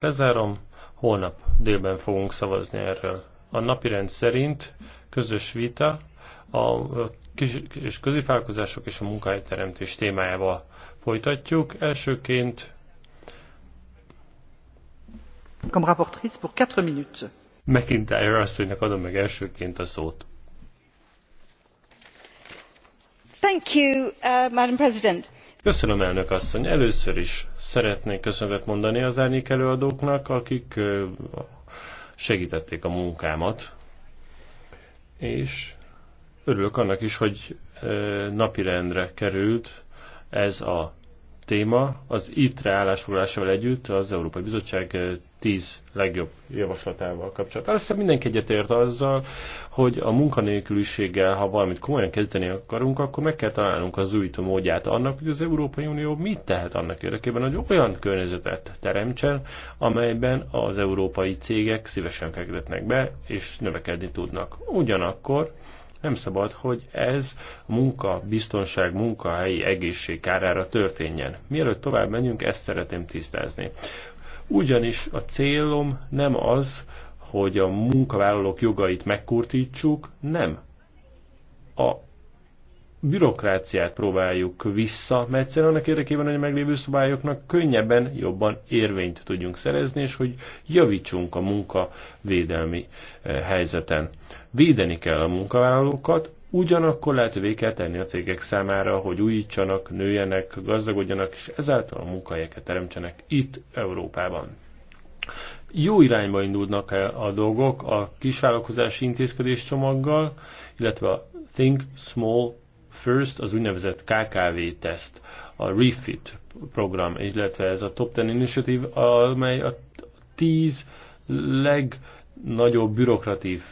Lezárom, holnap délben fogunk szavazni erről. A napirend szerint közös vita a kis és középvállalkozások és a munkahelyteremtés témájával folytatjuk. Elsőként Comme rapportrice pour 4 minutes. McIntyre asszonynak adom meg elsőként a szót. Thank you, uh, Madam President. Köszönöm, elnök asszony. Először is Szeretnék köszönetet mondani az árnyék előadóknak, akik segítették a munkámat, és örülök annak is, hogy napirendre került ez a téma az ITRE állásfoglalásával együtt az Európai Bizottság 10 legjobb javaslatával kapcsolatban. Azt hiszem mindenki egyetért azzal, hogy a munkanélküliséggel, ha valamit komolyan kezdeni akarunk, akkor meg kell találnunk az újító módját annak, hogy az Európai Unió mit tehet annak érdekében, hogy olyan környezetet teremtsen, amelyben az európai cégek szívesen fektetnek be, és növekedni tudnak. Ugyanakkor nem szabad, hogy ez a munka, biztonság, munkahelyi egészség kárára történjen. Mielőtt tovább menjünk, ezt szeretném tisztázni. Ugyanis a célom nem az, hogy a munkavállalók jogait megkurtítsuk, nem. A bürokráciát próbáljuk vissza, mert egyszerűen annak érdekében, hogy a meglévő szabályoknak könnyebben, jobban érvényt tudjunk szerezni, és hogy javítsunk a munkavédelmi eh, helyzeten. Védeni kell a munkavállalókat, ugyanakkor lehetővé kell tenni a cégek számára, hogy újítsanak, nőjenek, gazdagodjanak, és ezáltal a munkahelyeket teremtsenek itt, Európában jó irányba indulnak el a dolgok a kisvállalkozási intézkedés csomaggal, illetve a Think Small First, az úgynevezett KKV teszt, a Refit program, illetve ez a Top Ten Initiative, amely a tíz legnagyobb bürokratív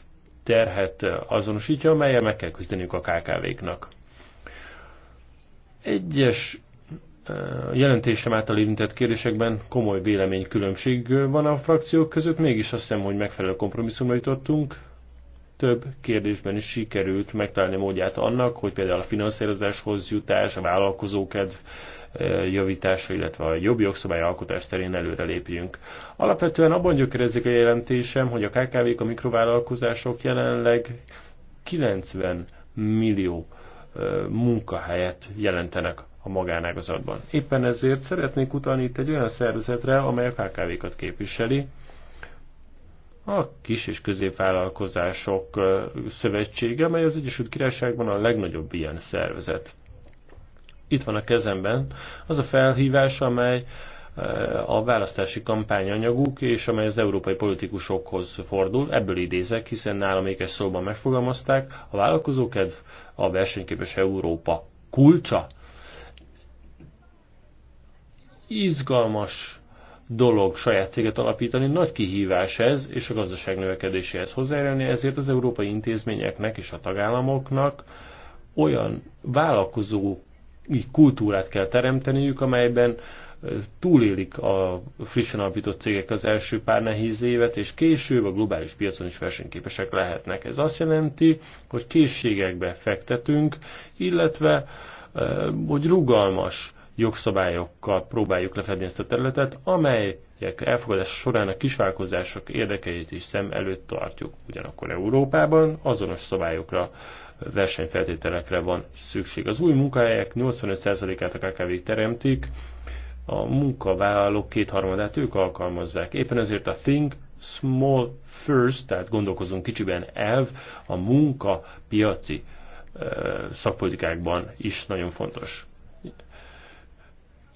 terhet azonosítja, amelyel meg kell küzdeniük a KKV-knak. Egyes jelentésem által érintett kérdésekben komoly véleménykülönbség van a frakciók között, mégis azt hiszem, hogy megfelelő kompromisszumra jutottunk, több kérdésben is sikerült megtalálni módját annak, hogy például a finanszírozáshoz jutás, a vállalkozókedv eh, javítása, illetve a jobb jogszabályalkotás terén előre lépjünk. Alapvetően abban gyökerezik a jelentésem, hogy a KKV-k, a mikrovállalkozások jelenleg 90 millió eh, munkahelyet jelentenek a magánágazatban. Éppen ezért szeretnék utalni itt egy olyan szervezetre, amely a KKV-kat képviseli, a kis és középvállalkozások szövetsége, mely az Egyesült Királyságban a legnagyobb ilyen szervezet. Itt van a kezemben az a felhívás, amely a választási kampányanyaguk, és amely az európai politikusokhoz fordul. Ebből idézek, hiszen nálam ékes szóban megfogalmazták, a vállalkozókedv a versenyképes Európa kulcsa. Izgalmas dolog saját céget alapítani, nagy kihívás ez, és a gazdaság növekedéséhez hozzájárulni, ezért az európai intézményeknek és a tagállamoknak olyan vállalkozó kultúrát kell teremteniük, amelyben túlélik a frissen alapított cégek az első pár nehéz évet, és később a globális piacon is versenyképesek lehetnek. Ez azt jelenti, hogy készségekbe fektetünk, illetve hogy rugalmas jogszabályokkal próbáljuk lefedni ezt a területet, amelyek elfogadás során a kisvállalkozások érdekeit is szem előtt tartjuk. Ugyanakkor Európában azonos szabályokra, versenyfeltételekre van szükség. Az új munkahelyek 85%-át a kkv teremtik, a munkavállalók kétharmadát ők alkalmazzák. Éppen ezért a Think Small First, tehát gondolkozunk kicsiben elv, a munkapiaci szakpolitikákban is nagyon fontos.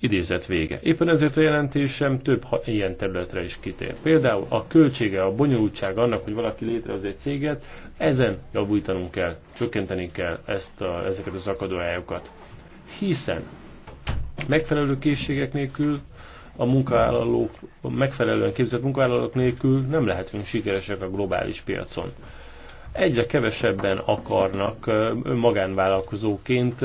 Idézet vége. Éppen ezért a jelentésem több ilyen területre is kitér. Például a költsége, a bonyolultság annak, hogy valaki létrehoz egy céget, ezen javítanunk kell, csökkenteni kell ezt a, ezeket az akadályokat. Hiszen megfelelő készségek nélkül a munkavállalók, megfelelően képzett munkavállalók nélkül nem lehetünk sikeresek a globális piacon. Egyre kevesebben akarnak magánvállalkozóként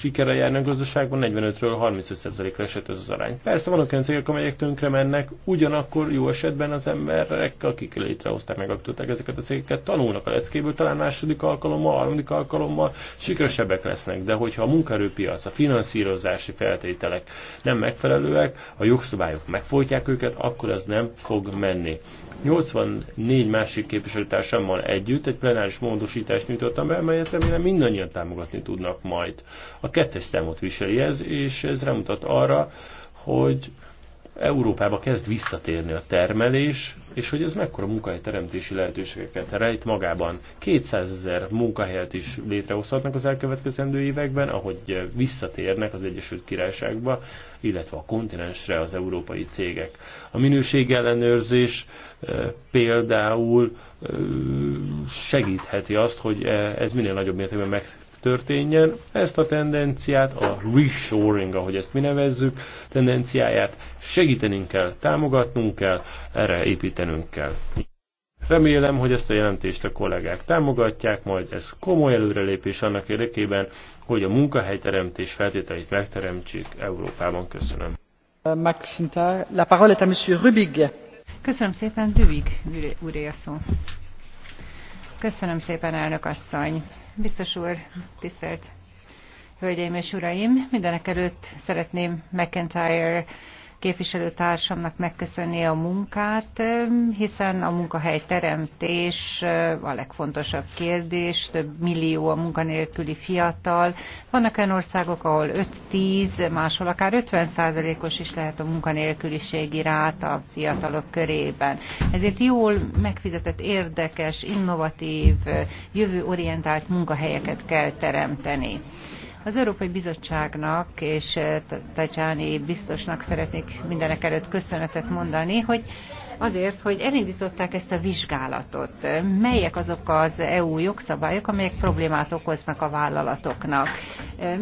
sikere járni a gazdaságban, 45-ről 35%-ra esett ez az arány. Persze vannak olyan cégek, amelyek tönkre mennek, ugyanakkor jó esetben az emberek, akik létrehozták, megalkották ezeket a cégeket, tanulnak a leckéből, talán második alkalommal, harmadik alkalommal sikeresebbek lesznek, de hogyha a munkaerőpiac, a finanszírozási feltételek nem megfelelőek, a jogszabályok megfolytják őket, akkor ez nem fog menni. 84 másik képviselőtársammal együtt egy plenáris módosítást nyújtottam be, amelyet remélem mindannyian támogatni tudnak majd a kettes számot viseli ez, és ez remutat arra, hogy Európába kezd visszatérni a termelés, és hogy ez mekkora munkahelyteremtési lehetőségeket rejt magában. 200 ezer munkahelyet is létrehozhatnak az elkövetkezendő években, ahogy visszatérnek az Egyesült Királyságba, illetve a kontinensre az európai cégek. A ellenőrzés eh, például eh, segítheti azt, hogy eh, ez minél nagyobb mértékben meg történjen. Ezt a tendenciát, a reshoring, ahogy ezt mi nevezzük, tendenciáját segítenünk kell, támogatnunk kell, erre építenünk kell. Remélem, hogy ezt a jelentést a kollégák támogatják, majd ez komoly előrelépés annak érdekében, hogy a munkahelyteremtés feltételeit megteremtsék Európában. Köszönöm. Uh, McIntyre, la parole est à Monsieur Rubig. Köszönöm szépen, Rubig úré a szó. Köszönöm szépen, elnök asszony. Biztos úr, tisztelt Hölgyeim és Uraim! Mindenek előtt szeretném McIntyre képviselőtársamnak megköszönni a munkát, hiszen a munkahely teremtés a legfontosabb kérdés, több millió a munkanélküli fiatal. Vannak olyan országok, ahol 5-10, máshol akár 50 százalékos is lehet a munkanélküliségi rát a fiatalok körében. Ezért jól megfizetett, érdekes, innovatív, jövőorientált munkahelyeket kell teremteni. Az Európai Bizottságnak és Tajcsáni biztosnak szeretnék mindenek előtt köszönetet mondani, hogy azért, hogy elindították ezt a vizsgálatot. Melyek azok az EU jogszabályok, amelyek problémát okoznak a vállalatoknak?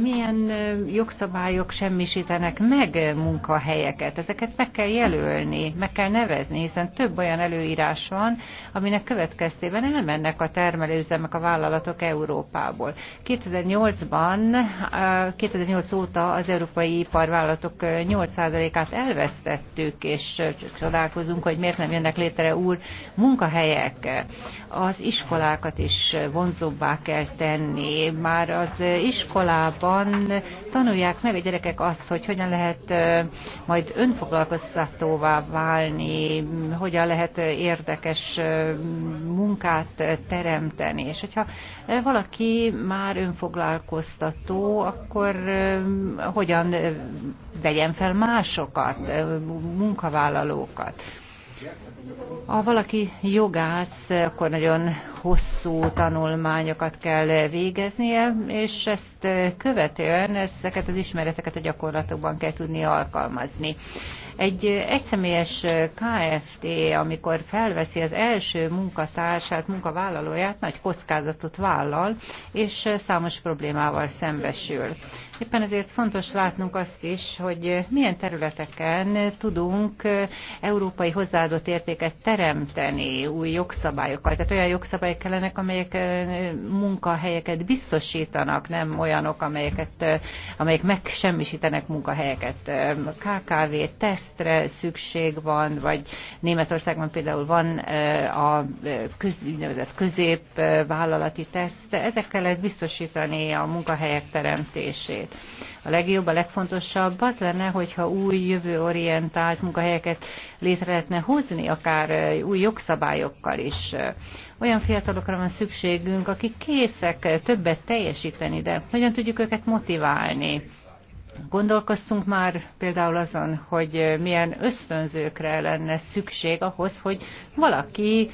Milyen jogszabályok semmisítenek meg munkahelyeket? Ezeket meg kell jelölni, meg kell nevezni, hiszen több olyan előírás van, aminek következtében elmennek a termelőüzemek, a vállalatok Európából. 2008-ban, 2008 óta az európai iparvállalatok 8%-át elvesztettük, és csodálkozunk, hogy miért nem jönnek létre úr munkahelyek. Az iskolákat is vonzóbbá kell tenni. Már az iskolában tanulják meg a gyerekek azt, hogy hogyan lehet majd önfoglalkoztatóvá válni, hogyan lehet érdekes munkát teremteni. És hogyha valaki már önfoglalkoztató, akkor hogyan vegyen fel másokat, munkavállalókat. Ha valaki jogász, akkor nagyon hosszú tanulmányokat kell végeznie, és ezt követően ezeket az ismereteket a gyakorlatokban kell tudni alkalmazni. Egy egyszemélyes KFT, amikor felveszi az első munkatársát, munkavállalóját, nagy kockázatot vállal, és számos problémával szembesül. Éppen ezért fontos látnunk azt is, hogy milyen területeken tudunk európai hozzáadott értéket teremteni új jogszabályokkal, tehát olyan jogszabály munkahelyek kellenek, amelyek munkahelyeket biztosítanak, nem olyanok, amelyeket, amelyek megsemmisítenek munkahelyeket. KKV tesztre szükség van, vagy Németországban például van a köz, úgynevezett középvállalati teszt. Ezekkel kellett biztosítani a munkahelyek teremtését. A legjobb, a legfontosabb az lenne, hogyha új jövőorientált munkahelyeket létre lehetne hozni, akár új jogszabályokkal is. Olyan fiatalokra van szükségünk, akik készek többet teljesíteni, de hogyan tudjuk őket motiválni? Gondolkoztunk már például azon, hogy milyen ösztönzőkre lenne szükség ahhoz, hogy valaki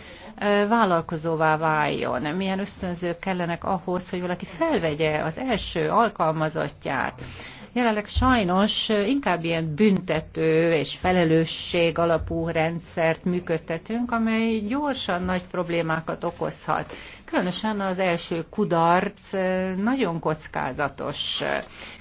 vállalkozóvá váljon, milyen ösztönzők kellenek ahhoz, hogy valaki felvegye az első alkalmazottját. Jelenleg sajnos inkább ilyen büntető és felelősség alapú rendszert működtetünk, amely gyorsan nagy problémákat okozhat. Különösen az első kudarc nagyon kockázatos.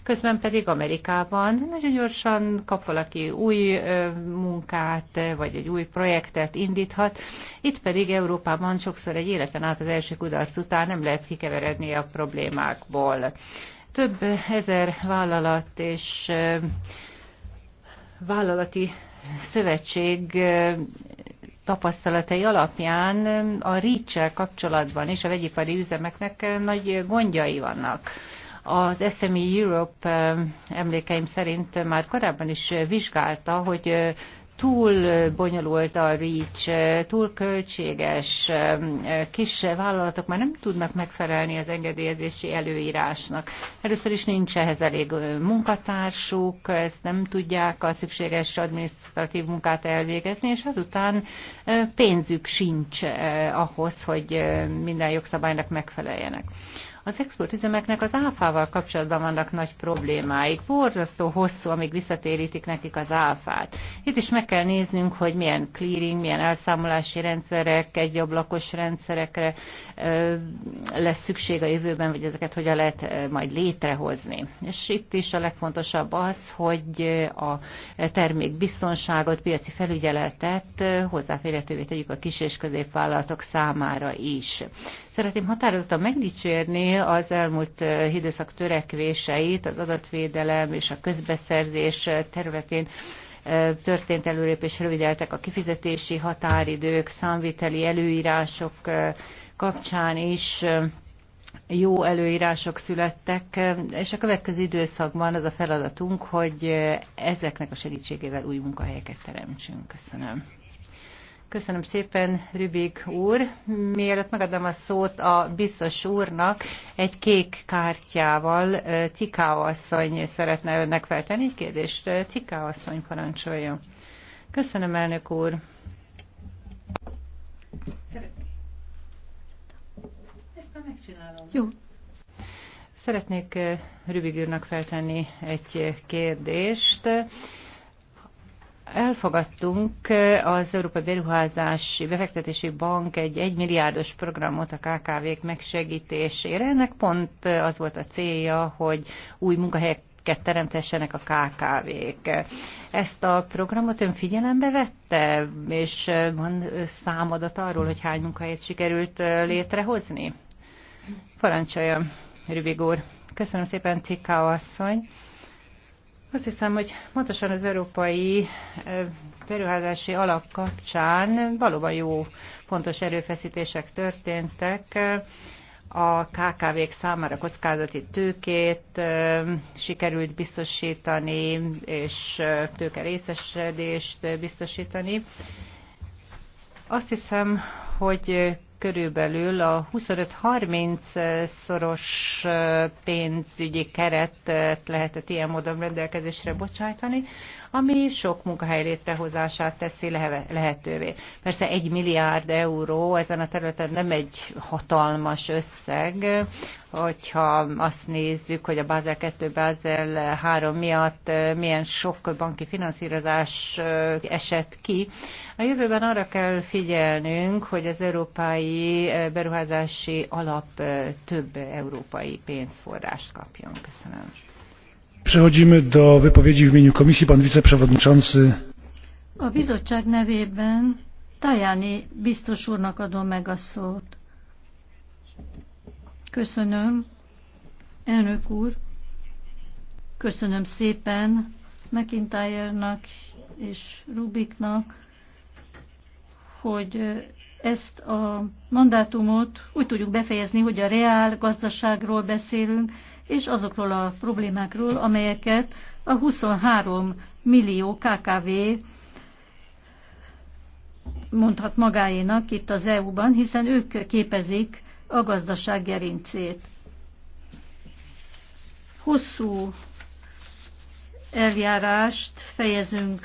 Közben pedig Amerikában nagyon gyorsan kap valaki új munkát, vagy egy új projektet indíthat. Itt pedig Európában sokszor egy életen át az első kudarc után nem lehet kikeveredni a problémákból. Több ezer vállalat és vállalati szövetség tapasztalatai alapján a reach kapcsolatban és a vegyipari üzemeknek nagy gondjai vannak. Az SME Europe emlékeim szerint már korábban is vizsgálta, hogy túl bonyolult a REACH, túl költséges, kis vállalatok már nem tudnak megfelelni az engedélyezési előírásnak. Először is nincs ehhez elég munkatársuk, ezt nem tudják a szükséges adminisztratív munkát elvégezni, és azután pénzük sincs ahhoz, hogy minden jogszabálynak megfeleljenek. Az exportüzemeknek az áfával kapcsolatban vannak nagy problémáik. Borzasztó hosszú, amíg visszatérítik nekik az áfát. Itt is meg kell néznünk, hogy milyen clearing, milyen elszámolási rendszerek, egyablakos rendszerekre lesz szükség a jövőben, vagy ezeket hogyan lehet majd létrehozni. És itt is a legfontosabb az, hogy a termék biztonságot, piaci felügyeletet hozzáférhetővé tegyük a kis és középvállalatok számára is. Szeretném határozottan megdicsérni az elmúlt időszak törekvéseit az adatvédelem és a közbeszerzés területén történt előrépés, rövideltek a kifizetési határidők, számviteli előírások kapcsán is jó előírások születtek, és a következő időszakban az a feladatunk, hogy ezeknek a segítségével új munkahelyeket teremtsünk. Köszönöm. Köszönöm szépen, Rübig úr. Mielőtt megadom a szót a biztos úrnak, egy kék kártyával Tiká asszony szeretne önnek feltenni egy kérdést. Tiká asszony parancsolja. Köszönöm, elnök úr. Ezt már megcsinálom. Jó. Szeretnék Rübig úrnak feltenni egy kérdést elfogadtunk az Európai Beruházási Befektetési Bank egy egymilliárdos programot a KKV-k megsegítésére. Ennek pont az volt a célja, hogy új munkahelyeket teremtessenek a KKV-k. Ezt a programot ön figyelembe vette, és van számadat arról, hogy hány munkahelyet sikerült létrehozni? Parancsolja, Rübig úr. Köszönöm szépen, Cikka asszony. Azt hiszem, hogy pontosan az európai beruházási alap kapcsán valóban jó, pontos erőfeszítések történtek a KKV-k számára kockázati tőkét sikerült biztosítani, és tőke részesedést biztosítani. Azt hiszem, hogy körülbelül a 25-30 szoros pénzügyi keretet lehetett ilyen módon rendelkezésre bocsájtani, ami sok munkahely létrehozását teszi lehetővé. Persze egy milliárd euró ezen a területen nem egy hatalmas összeg, hogyha azt nézzük, hogy a Basel 2, Basel 3 miatt milyen sok banki finanszírozás esett ki. A jövőben arra kell figyelnünk, hogy az európai beruházási alap több európai pénzforrást kapjon. Köszönöm. Przechodzimy do wypowiedzi w imieniu komisji. Pan wiceprzewodniczący. A bizottság nevében Tajani biztos úrnak adom meg a szót. Köszönöm, elnök úr. Köszönöm szépen McIntyre-nak és Rubiknak, hogy ezt a mandátumot úgy tudjuk befejezni, hogy a reál gazdaságról beszélünk, és azokról a problémákról, amelyeket a 23 millió KKV mondhat magáénak itt az EU-ban, hiszen ők képezik a gazdaság gerincét. Hosszú eljárást fejezünk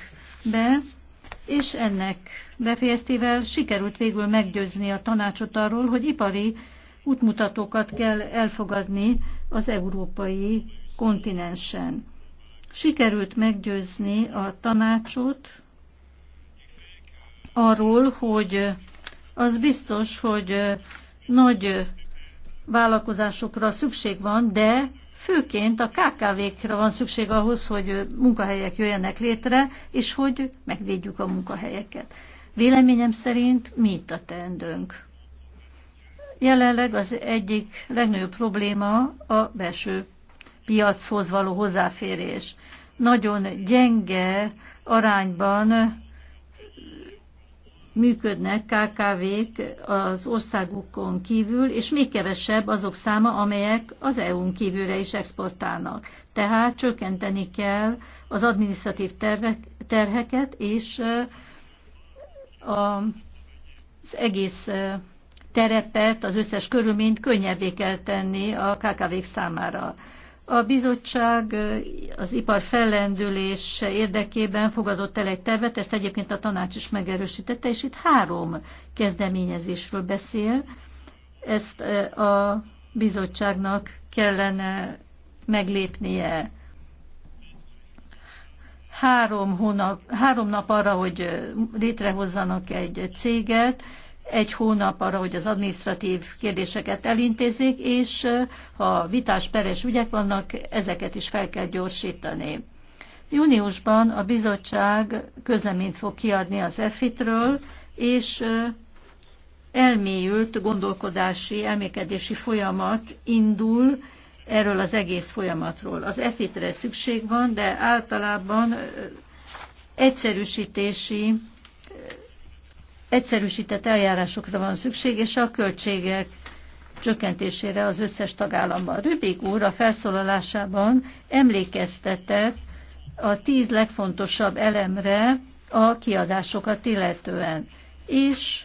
be, és ennek befejeztével sikerült végül meggyőzni a tanácsot arról, hogy ipari útmutatókat kell elfogadni az európai kontinensen. Sikerült meggyőzni a tanácsot arról, hogy az biztos, hogy nagy vállalkozásokra szükség van, de főként a KKV-kra van szükség ahhoz, hogy munkahelyek jöjjenek létre, és hogy megvédjük a munkahelyeket. Véleményem szerint mi itt a teendőnk? Jelenleg az egyik legnagyobb probléma a belső piachoz való hozzáférés. Nagyon gyenge arányban működnek KKV-k az országukon kívül, és még kevesebb azok száma, amelyek az EU-n kívülre is exportálnak. Tehát csökkenteni kell az adminisztratív tervek, terheket, és az egész terepet, az összes körülményt könnyebbé kell tenni a KKV-k számára. A bizottság az ipar fellendülés érdekében fogadott el egy tervet, ezt egyébként a tanács is megerősítette, és itt három kezdeményezésről beszél. Ezt a bizottságnak kellene meglépnie három, hónap, három nap arra, hogy létrehozzanak egy céget, egy hónap arra, hogy az administratív kérdéseket elintézzék, és ha vitás peres ügyek vannak, ezeket is fel kell gyorsítani. Júniusban a bizottság közleményt fog kiadni az EFIT-ről, és elmélyült gondolkodási, elmékedési folyamat indul erről az egész folyamatról. Az EFIT-re szükség van, de általában egyszerűsítési egyszerűsített eljárásokra van szükség, és a költségek csökkentésére az összes tagállamban. Rübik úr a felszólalásában emlékeztetett a tíz legfontosabb elemre a kiadásokat illetően, és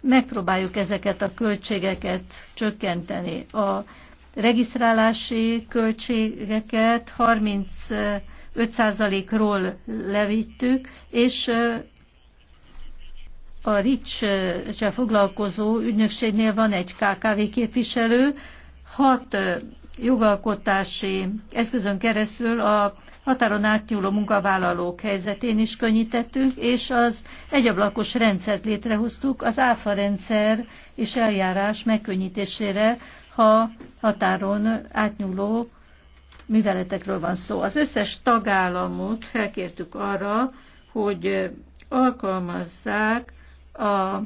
megpróbáljuk ezeket a költségeket csökkenteni. A regisztrálási költségeket 35%-ról levittük, és a RICS-sel foglalkozó ügynökségnél van egy KKV képviselő, hat jogalkotási eszközön keresztül a határon átnyúló munkavállalók helyzetén is könnyítettünk, és az egyablakos rendszert létrehoztuk az áfa rendszer és eljárás megkönnyítésére, ha határon átnyúló műveletekről van szó. Az összes tagállamot felkértük arra, hogy alkalmazzák a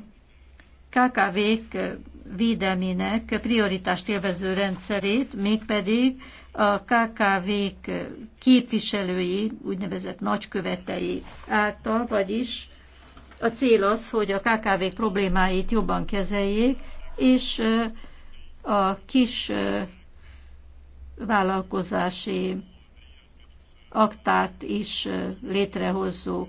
KKV-k védelmének prioritást élvező rendszerét, mégpedig a KKV-k képviselői, úgynevezett nagykövetei által, vagyis a cél az, hogy a KKV problémáit jobban kezeljék, és a kis vállalkozási aktát is létrehozzuk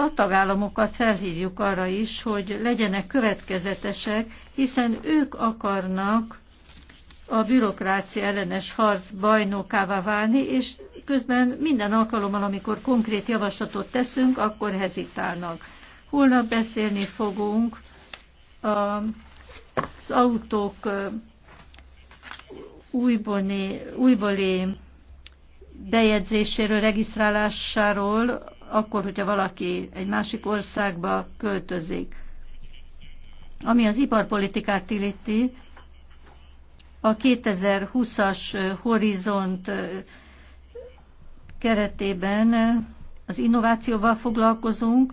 a tagállamokat felhívjuk arra is, hogy legyenek következetesek, hiszen ők akarnak a bürokrácia ellenes harc bajnokává válni, és közben minden alkalommal, amikor konkrét javaslatot teszünk, akkor hezitálnak. Holnap beszélni fogunk az autók újbóli bejegyzéséről, regisztrálásáról, akkor, hogyha valaki egy másik országba költözik. Ami az iparpolitikát illeti, a 2020-as horizont keretében az innovációval foglalkozunk,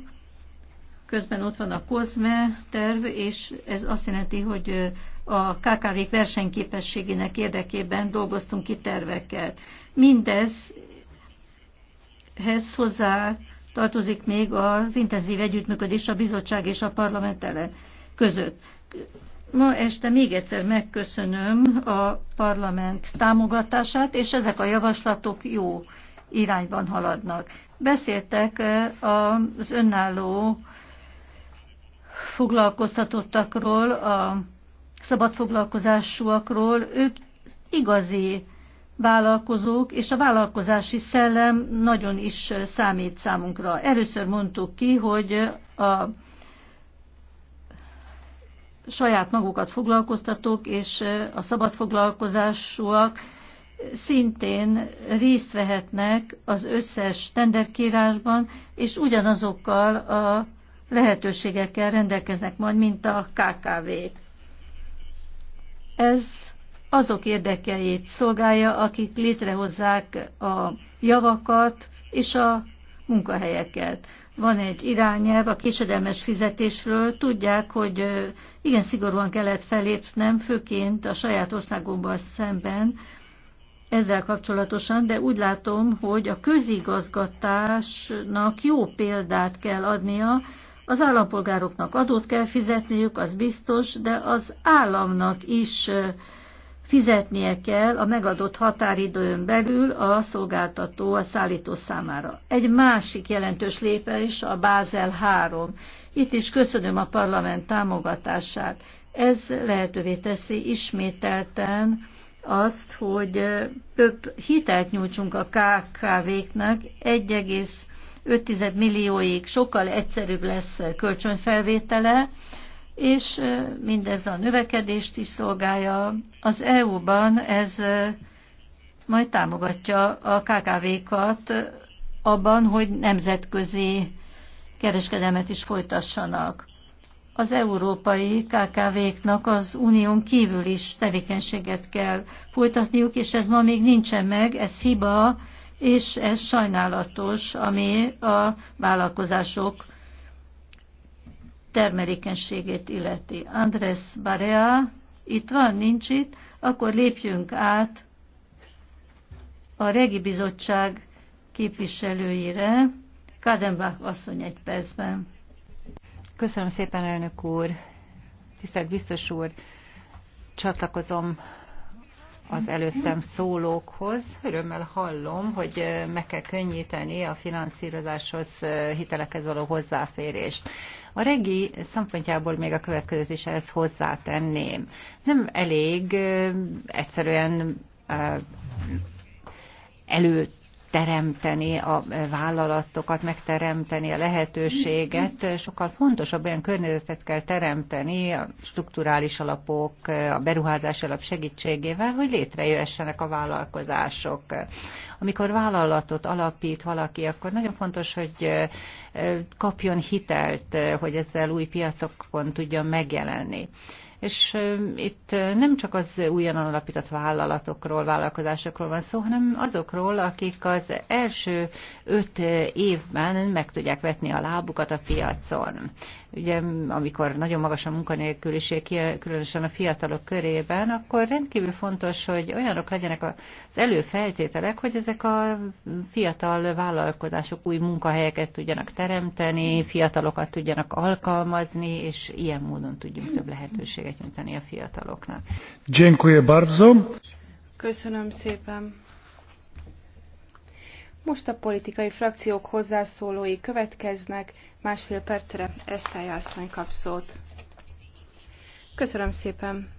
közben ott van a COSME terv, és ez azt jelenti, hogy a KKV-k versenyképességének érdekében dolgoztunk ki terveket. Mindez ehhez hozzá tartozik még az intenzív együttműködés a bizottság és a parlament között. Ma este még egyszer megköszönöm a parlament támogatását, és ezek a javaslatok jó irányban haladnak. Beszéltek eh, az önálló foglalkoztatottakról, a szabadfoglalkozásúakról, ők igazi vállalkozók, és a vállalkozási szellem nagyon is számít számunkra. Először mondtuk ki, hogy a saját magukat foglalkoztatók és a szabad foglalkozásúak szintén részt vehetnek az összes tenderkírásban, és ugyanazokkal a lehetőségekkel rendelkeznek majd, mint a KKV-k. Ez azok érdekeit szolgálja, akik létrehozzák a javakat és a munkahelyeket. Van egy irányelv a késedelmes fizetésről, tudják, hogy igen szigorúan kellett felépnem, főként a saját országomban szemben ezzel kapcsolatosan, de úgy látom, hogy a közigazgatásnak jó példát kell adnia, az állampolgároknak adót kell fizetniük, az biztos, de az államnak is fizetnie kell a megadott határidőn belül a szolgáltató, a szállító számára. Egy másik jelentős lépés a Bázel 3. Itt is köszönöm a parlament támogatását. Ez lehetővé teszi ismételten azt, hogy több hitelt nyújtsunk a kkv knek 1,5 millióig sokkal egyszerűbb lesz kölcsönfelvétele, és mindez a növekedést is szolgálja. Az EU-ban ez majd támogatja a KKV-kat abban, hogy nemzetközi kereskedelmet is folytassanak. Az európai KKV-knak az unión kívül is tevékenységet kell folytatniuk, és ez ma még nincsen meg, ez hiba, és ez sajnálatos, ami a vállalkozások termelékenységét illeti. Andrés Barea itt van, nincs itt, akkor lépjünk át a Regi Bizottság képviselőire. Kadenbach asszony egy percben. Köszönöm szépen, elnök úr. Tisztelt biztos úr, csatlakozom az előttem szólókhoz. Örömmel hallom, hogy eh, meg kell könnyíteni a finanszírozáshoz, eh, hitelekhez való hozzáférést. A regi szempontjából még a következőt is ehhez hozzátenném. Nem elég egyszerűen előtt megteremteni a vállalatokat, megteremteni a lehetőséget, sokkal fontosabb olyan környezetet kell teremteni a strukturális alapok, a beruházás alap segítségével, hogy létrejöhessenek a vállalkozások. Amikor vállalatot alapít valaki, akkor nagyon fontos, hogy kapjon hitelt, hogy ezzel új piacokon tudjon megjelenni és itt nem csak az újonnan alapított vállalatokról, vállalkozásokról van szó, hanem azokról, akik az első öt évben meg tudják vetni a lábukat a piacon ugye amikor nagyon magas a munkanélküliség, különösen a fiatalok körében, akkor rendkívül fontos, hogy olyanok legyenek az előfeltételek, hogy ezek a fiatal vállalkozások új munkahelyeket tudjanak teremteni, fiatalokat tudjanak alkalmazni, és ilyen módon tudjunk több lehetőséget nyújtani a fiataloknak. Dziękuję bardzo. Köszönöm szépen. Most a politikai frakciók hozzászólói következnek. Másfél percre Esztály asszony kap szót. Köszönöm szépen.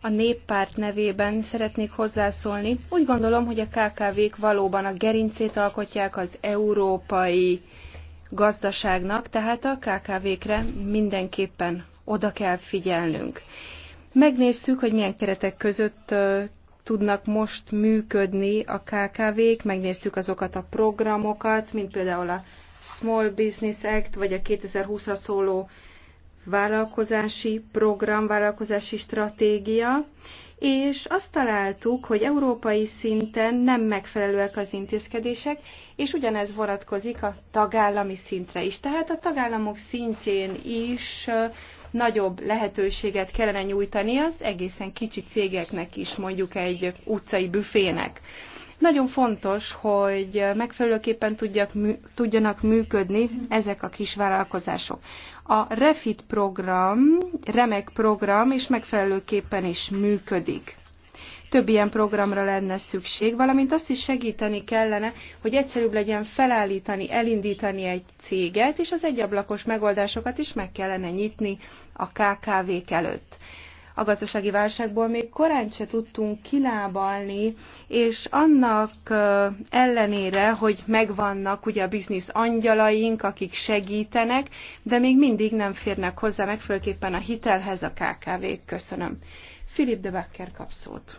A néppárt nevében szeretnék hozzászólni. Úgy gondolom, hogy a KKV-k valóban a gerincét alkotják az európai gazdaságnak, tehát a KKV-kre mindenképpen oda kell figyelnünk. Megnéztük, hogy milyen keretek között tudnak most működni a KKV-k, megnéztük azokat a programokat, mint például a Small Business Act, vagy a 2020-ra szóló vállalkozási program, vállalkozási stratégia, és azt találtuk, hogy európai szinten nem megfelelőek az intézkedések, és ugyanez vonatkozik a tagállami szintre is. Tehát a tagállamok szintjén is nagyobb lehetőséget kellene nyújtani az egészen kicsi cégeknek is, mondjuk egy utcai büfének. Nagyon fontos, hogy megfelelőképpen tudjak, mű, tudjanak működni ezek a kis vállalkozások. A Refit program, remek program, és megfelelőképpen is működik több ilyen programra lenne szükség, valamint azt is segíteni kellene, hogy egyszerűbb legyen felállítani, elindítani egy céget, és az egyablakos megoldásokat is meg kellene nyitni a KKV-k előtt a gazdasági válságból még korán se tudtunk kilábalni, és annak ellenére, hogy megvannak ugye a biznisz angyalaink, akik segítenek, de még mindig nem férnek hozzá megfőképpen a hitelhez a KKV-k. Köszönöm. Filip de Becker kap szót.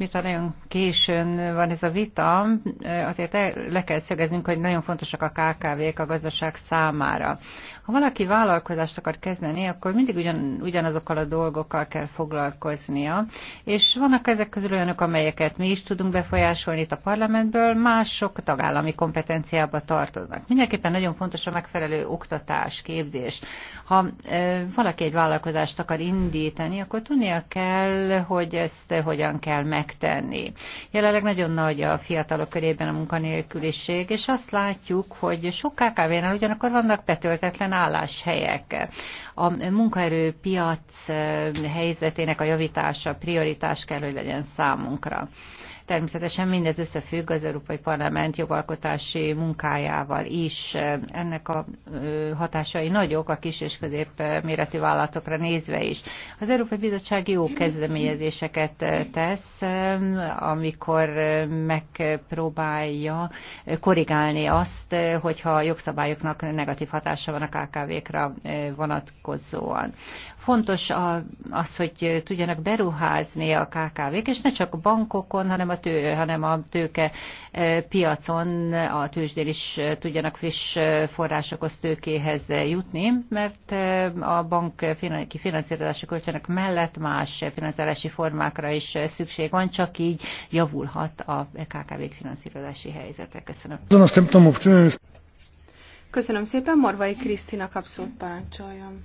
miután nagyon későn van ez a vita, azért le kell szögeznünk, hogy nagyon fontosak a KKV-k a gazdaság számára. Ha valaki vállalkozást akar kezdeni, akkor mindig ugyan, ugyanazokkal a dolgokkal kell foglalkoznia, és vannak ezek közül olyanok, amelyeket mi is tudunk befolyásolni itt a parlamentből, mások tagállami kompetenciába tartoznak. Mindenképpen nagyon fontos a megfelelő oktatás, képzés. Ha e, valaki egy vállalkozást akar indítani, akkor tudnia kell, hogy ezt hogyan kell meg megtenni. Jelenleg nagyon nagy a fiatalok körében a munkanélküliség, és azt látjuk, hogy sok KKV-nál ugyanakkor vannak betöltetlen álláshelyek. A munkaerőpiac eh, helyzetének a javítása prioritás kell, hogy legyen számunkra. Természetesen mindez összefügg az Európai Parlament jogalkotási munkájával is. Ennek a hatásai nagyok a kis és közép méretű vállalatokra nézve is. Az Európai Bizottság jó kezdeményezéseket tesz, amikor megpróbálja korrigálni azt, hogyha a jogszabályoknak negatív hatása van a KKV-kra vonatkozóan fontos a, az, hogy tudjanak beruházni a KKV-k, és ne csak bankokon, hanem a, tő, hanem a tőke e, piacon, a tőzsdén is tudjanak friss e, forrásokhoz tőkéhez jutni, mert e, a bank kifinanszírozási kölcsönök mellett más finanszírozási formákra is szükség van, csak így javulhat a KKV-k finanszírozási helyzete. Köszönöm. Köszönöm szépen, Morvai Krisztina kapszót parancsoljon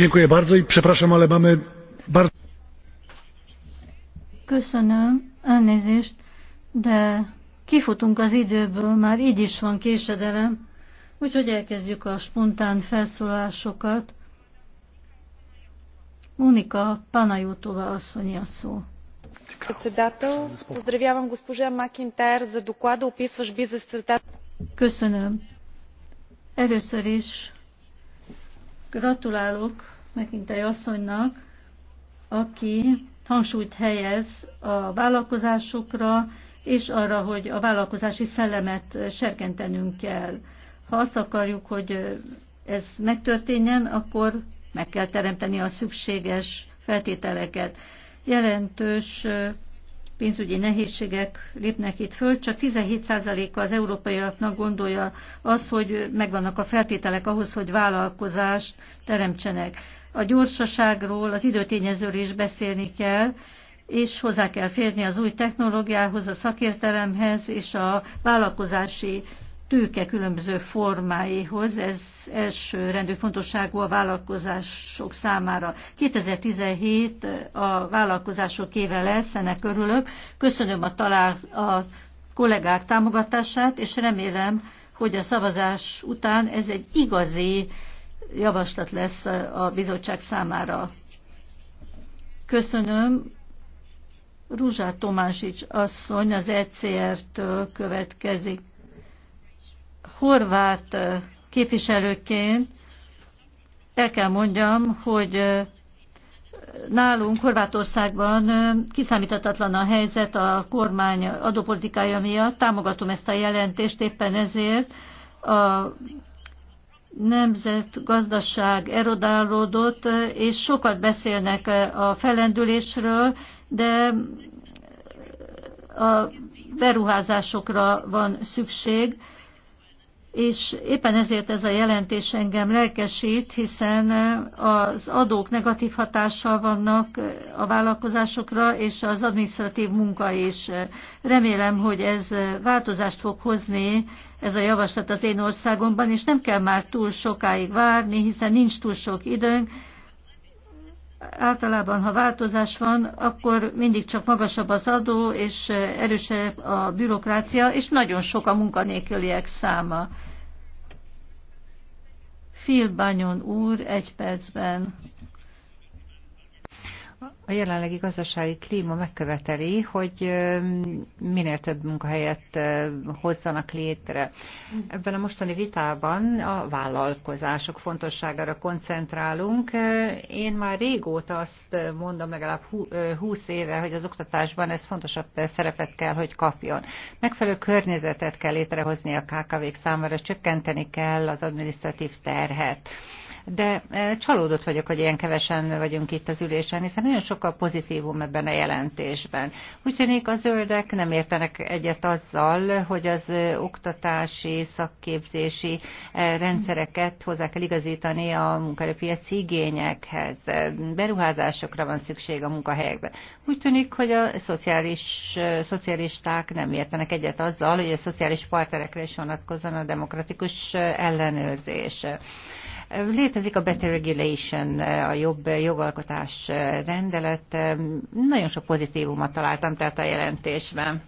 Dziękuję bardzo i przepraszam, ale mamy bardzo... Köszönöm, elnézést, de kifutunk az időből, már így is van késedelem, úgyhogy elkezdjük a spontán felszólásokat. Monika Panajutova asszony a szó. Köszönöm. Először is Gratulálok Mekintei asszonynak, aki hangsúlyt helyez a vállalkozásokra, és arra, hogy a vállalkozási szellemet serkentenünk kell. Ha azt akarjuk, hogy ez megtörténjen, akkor meg kell teremteni a szükséges feltételeket. Jelentős pénzügyi nehézségek lépnek itt föl, csak 17%-a az európaiaknak gondolja az, hogy megvannak a feltételek ahhoz, hogy vállalkozást teremtsenek. A gyorsaságról, az időtényezőről is beszélni kell, és hozzá kell férni az új technológiához, a szakértelemhez és a vállalkozási tőke különböző formáihoz, ez első rendű fontosságú a vállalkozások számára. 2017 a vállalkozások éve lesz, ennek örülök. Köszönöm a, talál, a kollégák támogatását, és remélem, hogy a szavazás után ez egy igazi javaslat lesz a bizottság számára. Köszönöm. Ruzsát Tomásics asszony az ECR-től következik horvát képviselőként el kell mondjam, hogy nálunk Horvátországban kiszámíthatatlan a helyzet a kormány adópolitikája miatt. Támogatom ezt a jelentést éppen ezért. A nemzetgazdaság erodálódott, és sokat beszélnek a felendülésről, de a beruházásokra van szükség és éppen ezért ez a jelentés engem lelkesít, hiszen az adók negatív hatással vannak a vállalkozásokra, és az administratív munka is. Remélem, hogy ez változást fog hozni, ez a javaslat az én országomban, és nem kell már túl sokáig várni, hiszen nincs túl sok időnk, általában, ha változás van, akkor mindig csak magasabb az adó, és erősebb a bürokrácia, és nagyon sok a munkanélküliek száma. Phil Banyon úr, egy percben. A jelenlegi gazdasági klíma megköveteli, hogy minél több munkahelyet hozzanak létre. Ebben a mostani vitában a vállalkozások fontosságára koncentrálunk. Én már régóta azt mondom, legalább 20 éve, hogy az oktatásban ez fontosabb szerepet kell, hogy kapjon. Megfelelő környezetet kell létrehozni a KKV-k számára, csökkenteni kell az adminisztratív terhet de e, csalódott vagyok, hogy ilyen kevesen vagyunk itt az ülésen, hiszen nagyon sokkal pozitívum ebben a jelentésben. Úgy tűnik a zöldek nem értenek egyet azzal, hogy az e, oktatási, szakképzési e, rendszereket hozzá kell igazítani a munkaerőpiaci igényekhez. Beruházásokra van szükség a munkahelyekben. Úgy tűnik, hogy a szociális, szocialisták nem értenek egyet azzal, hogy a szociális partnerekre is vonatkozzon a demokratikus ellenőrzés. Létezik a Better Regulation, a jobb jogalkotás rendelet. Nagyon sok pozitívumot találtam tehát a jelentésben.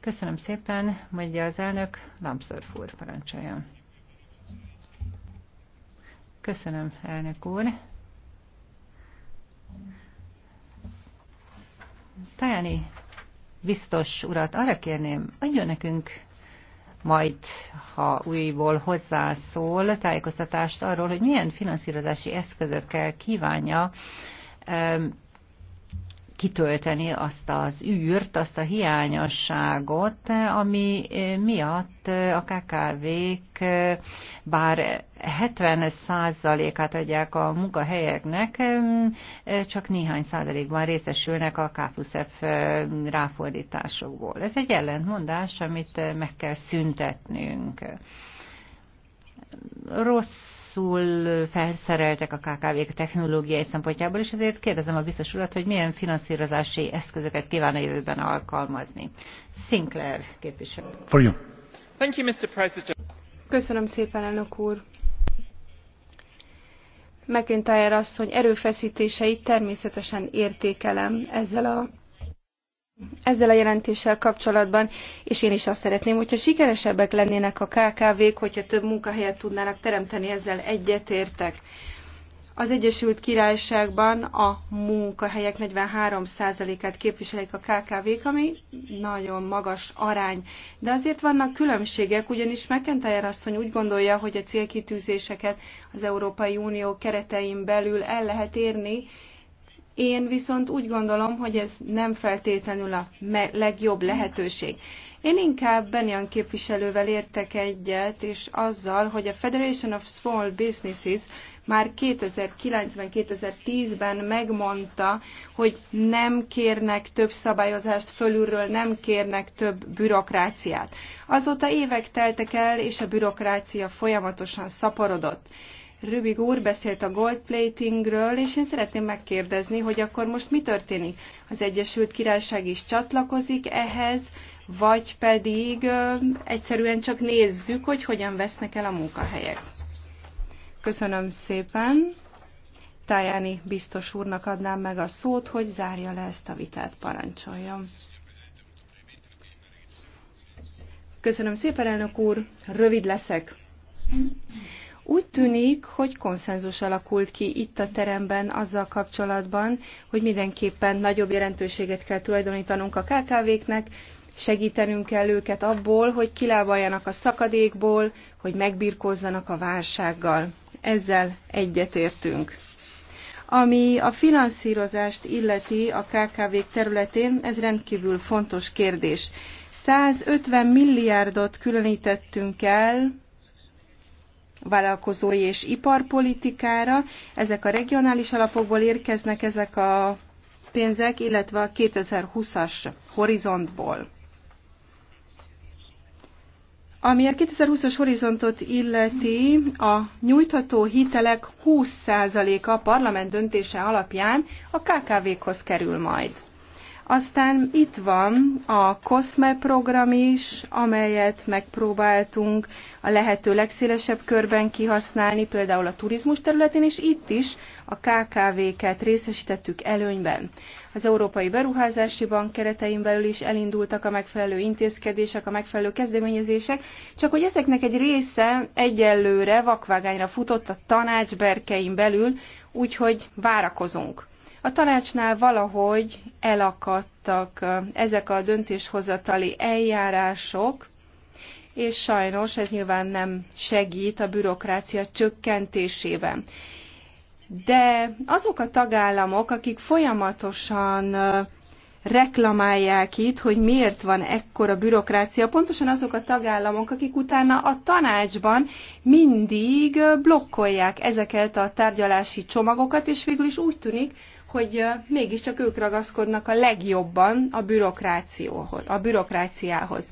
Köszönöm szépen, mondja az elnök, Lambsdorff úr parancsoljon. Köszönöm, elnök úr. Tajani biztos urat arra kérném, adjon nekünk majd, ha újból hozzászól, tájékoztatást arról, hogy milyen finanszírozási eszközökkel kívánja kitölteni azt az űrt, azt a hiányosságot, ami miatt a KKV-k bár 70 százalékát adják a munkahelyeknek, csak néhány százalékban részesülnek a K plusz F ráfordításokból. Ez egy ellentmondás, amit meg kell szüntetnünk rosszul felszereltek a KKV-k technológiai szempontjából, és ezért kérdezem a biztos urat, hogy milyen finanszírozási eszközöket kíván a jövőben alkalmazni. Sinclair képviselő. For you. Thank you, Mr. President. Köszönöm szépen, elnök úr. McIntyre asszony erőfeszítéseit természetesen értékelem ezzel a ezzel a jelentéssel kapcsolatban, és én is azt szeretném, hogyha sikeresebbek lennének a KKV-k, hogyha több munkahelyet tudnának teremteni, ezzel egyetértek. Az Egyesült Királyságban a munkahelyek 43%-át képviselik a KKV-k, ami nagyon magas arány. De azért vannak különbségek, ugyanis McIntyre asszony úgy gondolja, hogy a célkitűzéseket az Európai Unió keretein belül el lehet érni, én viszont úgy gondolom, hogy ez nem feltétlenül a legjobb lehetőség. Én inkább Benyan képviselővel értek egyet, és azzal, hogy a Federation of Small Businesses már 2009-2010-ben megmondta, hogy nem kérnek több szabályozást fölülről, nem kérnek több bürokráciát. Azóta évek teltek el, és a bürokrácia folyamatosan szaporodott. Rübig úr beszélt a gold platingről, és én szeretném megkérdezni, hogy akkor most mi történik? Az Egyesült Királyság is csatlakozik ehhez, vagy pedig ö, egyszerűen csak nézzük, hogy hogyan vesznek el a munkahelyek. Köszönöm szépen. Tájáni biztos úrnak adnám meg a szót, hogy zárja le ezt a vitát, parancsoljam. Köszönöm szépen, elnök úr, rövid leszek. Úgy tűnik, hogy konszenzus alakult ki itt a teremben azzal kapcsolatban, hogy mindenképpen nagyobb jelentőséget kell tulajdonítanunk a KKV-knek, segítenünk kell őket abból, hogy kilábaljanak a szakadékból, hogy megbirkózzanak a válsággal. Ezzel egyetértünk. Ami a finanszírozást illeti a kkv területén, ez rendkívül fontos kérdés. 150 milliárdot különítettünk el vállalkozói és iparpolitikára. Ezek a regionális alapokból érkeznek ezek a pénzek, illetve a 2020-as horizontból. Ami a 2020-as horizontot illeti, a nyújtható hitelek 20%-a parlament döntése alapján a KKV-khoz kerül majd. Aztán itt van a COSME program is, amelyet megpróbáltunk a lehető legszélesebb körben kihasználni, például a turizmus területén, és itt is a KKV-ket részesítettük előnyben. Az Európai Beruházási Bank keretein belül is elindultak a megfelelő intézkedések, a megfelelő kezdeményezések, csak hogy ezeknek egy része egyelőre vakvágányra futott a tanács berkein belül, úgyhogy várakozunk. A tanácsnál valahogy elakadtak ezek a döntéshozatali eljárások, és sajnos ez nyilván nem segít a bürokrácia csökkentésében. De azok a tagállamok, akik folyamatosan reklamálják itt, hogy miért van ekkora bürokrácia, pontosan azok a tagállamok, akik utána a tanácsban mindig blokkolják ezeket a tárgyalási csomagokat, és végül is úgy tűnik, hogy mégiscsak ők ragaszkodnak a legjobban a, bürokrációhoz, a bürokráciához.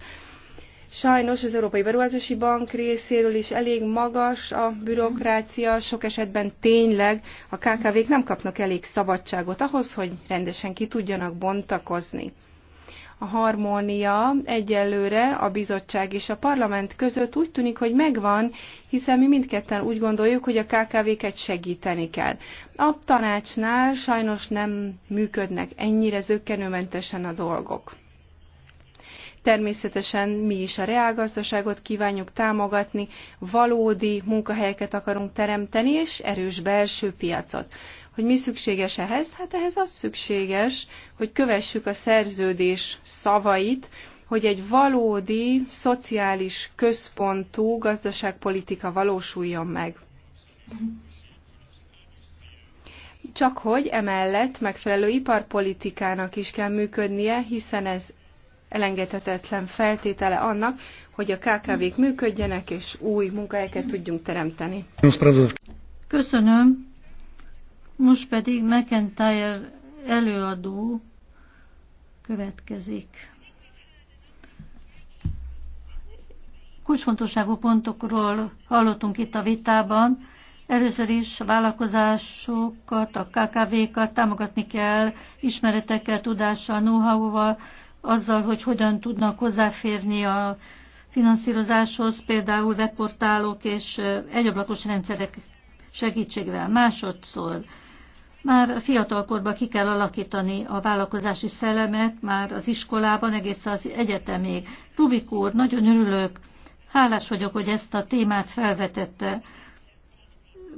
Sajnos az Európai Beruházási Bank részéről is elég magas a bürokrácia, sok esetben tényleg a KKV-k nem kapnak elég szabadságot ahhoz, hogy rendesen ki tudjanak bontakozni a harmónia egyelőre a bizottság és a parlament között úgy tűnik, hogy megvan, hiszen mi mindketten úgy gondoljuk, hogy a KKV-ket segíteni kell. A tanácsnál sajnos nem működnek ennyire zöggenőmentesen a dolgok. Természetesen mi is a reálgazdaságot kívánjuk támogatni, valódi munkahelyeket akarunk teremteni, és erős belső piacot. Hogy mi szükséges ehhez? Hát ehhez az szükséges, hogy kövessük a szerződés szavait, hogy egy valódi, szociális központú gazdaságpolitika valósuljon meg. Csak hogy emellett megfelelő iparpolitikának is kell működnie, hiszen ez elengedhetetlen feltétele annak, hogy a KKV-k működjenek, és új munkahelyeket tudjunk teremteni. Köszönöm. Most pedig McIntyre előadó következik. Kulcsfontosságú pontokról hallottunk itt a vitában. Először is vállalkozásokat, a KKV-kat támogatni kell ismeretekkel, tudással, know-how-val, azzal, hogy hogyan tudnak hozzáférni a finanszírozáshoz, például webportálok és egyablakos rendszerek segítségével. Másodszor már fiatalkorban ki kell alakítani a vállalkozási szellemet, már az iskolában, egész az egyetemig. Rubik úr, nagyon örülök, hálás vagyok, hogy ezt a témát felvetette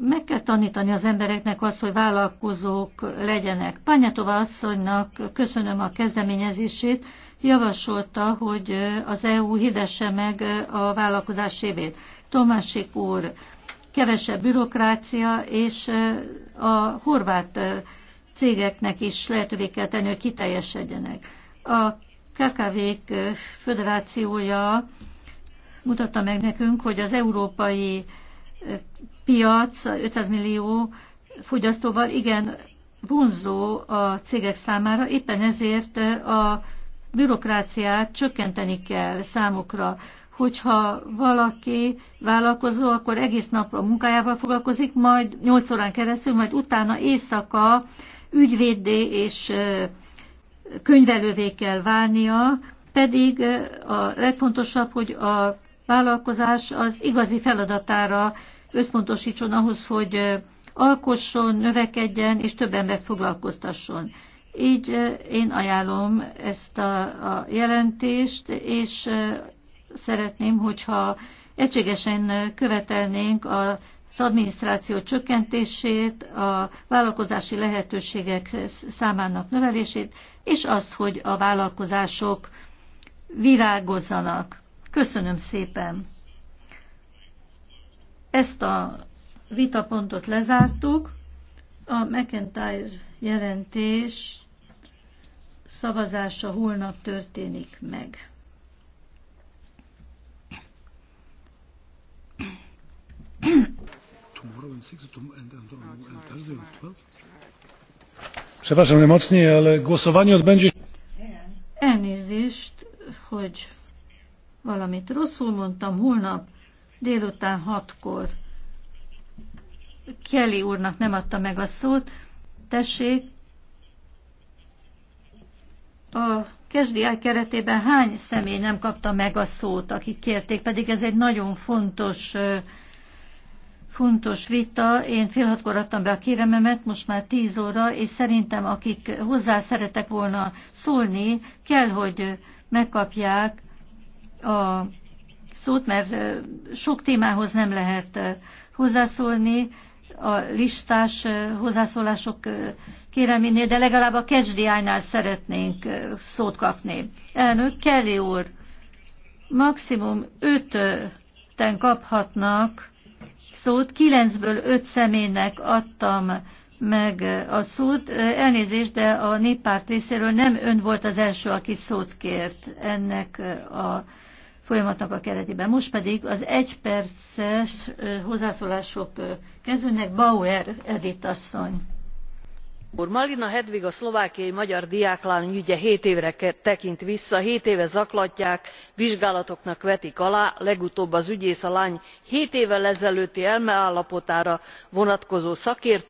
meg kell tanítani az embereknek azt, hogy vállalkozók legyenek. Pányatova asszonynak köszönöm a kezdeményezését, javasolta, hogy az EU hidesse meg a vállalkozás évét. Tomásik úr, kevesebb bürokrácia, és a horvát cégeknek is lehetővé kell tenni, hogy kiteljesedjenek. A kkv Föderációja mutatta meg nekünk, hogy az európai piac 500 millió fogyasztóval igen vonzó a cégek számára, éppen ezért a bürokráciát csökkenteni kell számukra. Hogyha valaki vállalkozó, akkor egész nap a munkájával foglalkozik, majd 8 órán keresztül, majd utána éjszaka ügyvédé és könyvelővé kell válnia, pedig a legfontosabb, hogy a vállalkozás az igazi feladatára összpontosítson ahhoz, hogy alkosson, növekedjen és több embert foglalkoztasson. Így én ajánlom ezt a, a jelentést, és szeretném, hogyha egységesen követelnénk a az adminisztráció csökkentését, a vállalkozási lehetőségek számának növelését, és azt, hogy a vállalkozások virágozzanak. Köszönöm szépen. Ezt a vitapontot lezártuk. A McIntyre jelentés szavazása holnap történik meg. Przepraszam najmocniej, ale głosowanie odbędzie się... Elnézést, hogy valamit rosszul mondtam, holnap délután hatkor. Kelly úrnak nem adta meg a szót. Tessék, a KSDI keretében hány személy nem kapta meg a szót, akik kérték, pedig ez egy nagyon fontos fontos vita. Én fél hatkor adtam be a kérememet, most már tíz óra, és szerintem akik hozzá szeretek volna szólni, kell, hogy megkapják a szót, mert sok témához nem lehet hozzászólni a listás hozzászólások kéreménye, de legalább a kecsdiánynál szeretnénk szót kapni. Elnök Kelly úr, maximum öten kaphatnak szót, kilencből öt személynek adtam meg a szót. Elnézést, de a néppárt részéről nem ön volt az első, aki szót kért ennek a folyamatnak a keretében. Most pedig az egyperces hozzászólások kezdőnek Bauer Edith asszony. Úr, Malina Hedvig a szlovákiai magyar diáklány ügye 7 évre tekint vissza, 7 éve zaklatják, vizsgálatoknak vetik alá, legutóbb az ügyész a lány 7 évvel ezelőtti elmeállapotára vonatkozó szakért